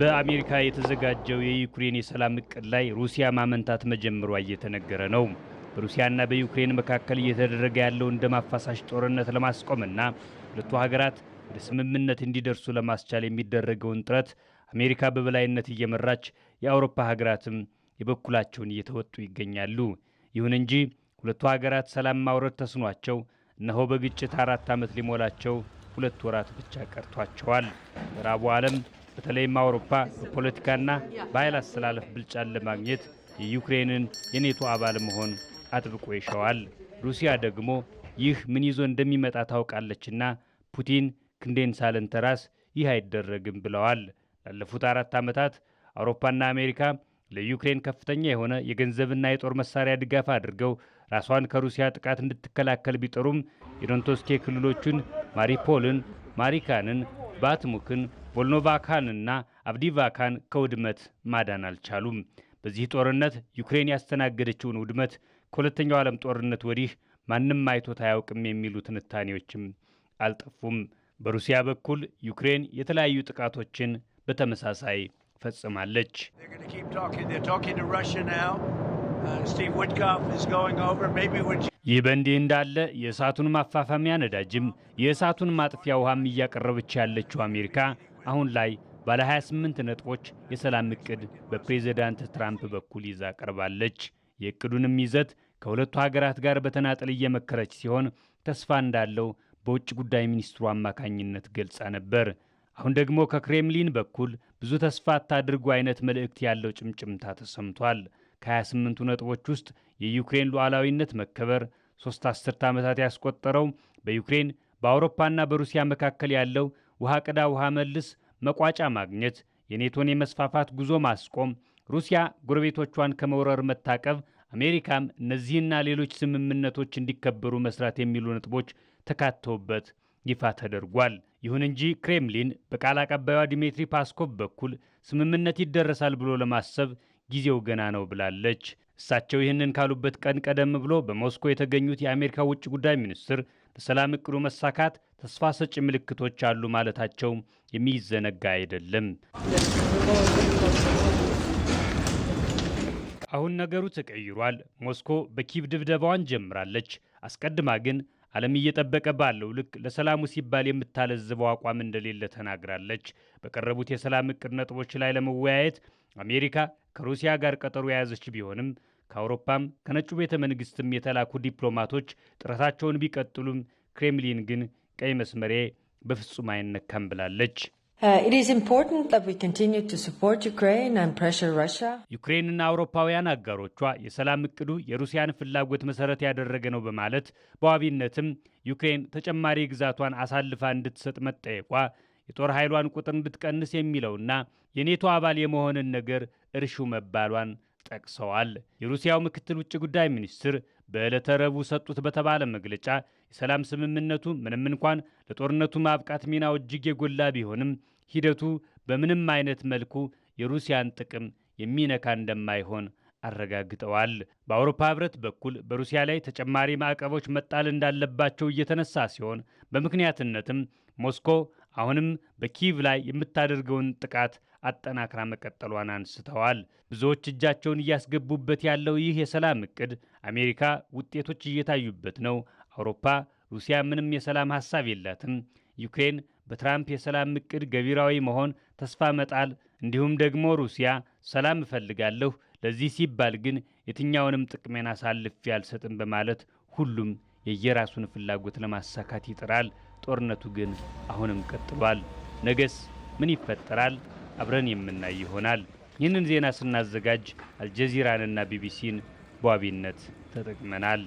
በአሜሪካ የተዘጋጀው የዩክሬን የሰላም እቅድ ላይ ሩሲያ ማመንታት መጀመሯ እየተነገረ ነው። በሩሲያና በዩክሬን መካከል እየተደረገ ያለውን ደም አፋሳሽ ጦርነት ለማስቆምና ሁለቱ ሀገራት ወደ ስምምነት እንዲደርሱ ለማስቻል የሚደረገውን ጥረት አሜሪካ በበላይነት እየመራች የአውሮፓ ሀገራትም የበኩላቸውን እየተወጡ ይገኛሉ። ይሁን እንጂ ሁለቱ ሀገራት ሰላም ማውረድ ተስኗቸው እነሆ በግጭት አራት ዓመት ሊሞላቸው ሁለት ወራት ብቻ ቀርቷቸዋል። ምዕራቡ ዓለም በተለይም አውሮፓ በፖለቲካና በኃይል አስተላለፍ ብልጫን ለማግኘት የዩክሬንን የኔቶ አባል መሆን አጥብቆ ይሸዋል። ሩሲያ ደግሞ ይህ ምን ይዞ እንደሚመጣ ታውቃለችና ፑቲን ክንዴን ሳልንተራስ ይህ አይደረግም ብለዋል። ላለፉት አራት ዓመታት አውሮፓና አሜሪካ ለዩክሬን ከፍተኛ የሆነ የገንዘብና የጦር መሳሪያ ድጋፍ አድርገው ራሷን ከሩሲያ ጥቃት እንድትከላከል ቢጠሩም የዶንቶስኬ ክልሎቹን ማሪፖልን፣ ማሪካንን፣ ባትሙክን፣ ቮልኖቫካንና አብዲቫካን ከውድመት ማዳን አልቻሉም። በዚህ ጦርነት ዩክሬን ያስተናገደችውን ውድመት ከሁለተኛው ዓለም ጦርነት ወዲህ ማንም አይቶት አያውቅም የሚሉ ትንታኔዎችም አልጠፉም። በሩሲያ በኩል ዩክሬን የተለያዩ ጥቃቶችን በተመሳሳይ ፈጽማለች። ይህ በእንዲህ እንዳለ የእሳቱን ማፋፋሚያ ነዳጅም የእሳቱን ማጥፊያ ውሃም እያቀረበች ያለችው አሜሪካ አሁን ላይ ባለ 28 ነጥቦች የሰላም እቅድ በፕሬዝዳንት ትራምፕ በኩል ይዛ ቀርባለች። የእቅዱንም ይዘት ከሁለቱ ሀገራት ጋር በተናጠል እየመከረች ሲሆን ተስፋ እንዳለው በውጭ ጉዳይ ሚኒስትሩ አማካኝነት ገልጻ ነበር። አሁን ደግሞ ከክሬምሊን በኩል ብዙ ተስፋ አታድርጉ አይነት መልእክት ያለው ጭምጭምታ ተሰምቷል። ከ28ቱ ነጥቦች ውስጥ የዩክሬን ሉዓላዊነት መከበር፣ ሶስት አስርተ ዓመታት ያስቆጠረው በዩክሬን በአውሮፓና በሩሲያ መካከል ያለው ውሃ ቅዳ ውሃ መልስ መቋጫ ማግኘት፣ የኔቶን የመስፋፋት ጉዞ ማስቆም፣ ሩሲያ ጎረቤቶቿን ከመውረር መታቀብ፣ አሜሪካም እነዚህና ሌሎች ስምምነቶች እንዲከበሩ መስራት የሚሉ ነጥቦች ተካተውበት ይፋ ተደርጓል። ይሁን እንጂ ክሬምሊን በቃል አቀባዩ ዲሜትሪ ፓስኮቭ በኩል ስምምነት ይደረሳል ብሎ ለማሰብ ጊዜው ገና ነው ብላለች። እሳቸው ይህንን ካሉበት ቀን ቀደም ብሎ በሞስኮ የተገኙት የአሜሪካ ውጭ ጉዳይ ሚኒስትር ለሰላም እቅዱ መሳካት ተስፋ ሰጪ ምልክቶች አሉ ማለታቸው የሚዘነጋ አይደለም። አሁን ነገሩ ተቀይሯል። ሞስኮ በኪቭ ድብደባዋን ጀምራለች። አስቀድማ ግን ዓለም እየጠበቀ ባለው ልክ ለሰላሙ ሲባል የምታለዝበው አቋም እንደሌለ ተናግራለች። በቀረቡት የሰላም እቅድ ነጥቦች ላይ ለመወያየት አሜሪካ ከሩሲያ ጋር ቀጠሮ የያዘች ቢሆንም ከአውሮፓም ከነጩ ቤተ መንግስትም የተላኩ ዲፕሎማቶች ጥረታቸውን ቢቀጥሉም ክሬምሊን ግን ቀይ መስመሬ በፍጹም አይነካም ብላለች። Uh, ዩክሬንና አውሮፓውያን አጋሮቿ የሰላም እቅዱ የሩሲያን ፍላጎት መሰረት ያደረገ ነው በማለት በዋቢነትም ዩክሬን ተጨማሪ ግዛቷን አሳልፋ እንድትሰጥ መጠየቋ የጦር ኃይሏን ቁጥር እንድትቀንስ የሚለውና የኔቶ አባል የመሆንን ነገር እርሹ መባሏን ጠቅሰዋል። የሩሲያው ምክትል ውጭ ጉዳይ ሚኒስትር በዕለተ ረቡ ሰጡት በተባለ መግለጫ የሰላም ስምምነቱ ምንም እንኳን ለጦርነቱ ማብቃት ሚናው እጅግ የጎላ ቢሆንም ሂደቱ በምንም አይነት መልኩ የሩሲያን ጥቅም የሚነካ እንደማይሆን አረጋግጠዋል። በአውሮፓ ህብረት በኩል በሩሲያ ላይ ተጨማሪ ማዕቀቦች መጣል እንዳለባቸው እየተነሳ ሲሆን በምክንያትነትም ሞስኮ አሁንም በኪቭ ላይ የምታደርገውን ጥቃት አጠናክራ መቀጠሏን አንስተዋል። ብዙዎች እጃቸውን እያስገቡበት ያለው ይህ የሰላም እቅድ አሜሪካ ውጤቶች እየታዩበት ነው፣ አውሮፓ ሩሲያ ምንም የሰላም ሀሳብ የላትም። ዩክሬን በትራምፕ የሰላም እቅድ ገቢራዊ መሆን ተስፋ መጣል፣ እንዲሁም ደግሞ ሩሲያ ሰላም እፈልጋለሁ፣ ለዚህ ሲባል ግን የትኛውንም ጥቅሜን አሳልፍ ያልሰጥም በማለት ሁሉም የየራሱን ፍላጎት ለማሳካት ይጥራል። ጦርነቱ ግን አሁንም ቀጥሏል። ነገስ ምን ይፈጠራል? አብረን የምናይ ይሆናል። ይህንን ዜና ስናዘጋጅ አልጀዚራንና ቢቢሲን በዋቢነት ተጠቅመናል።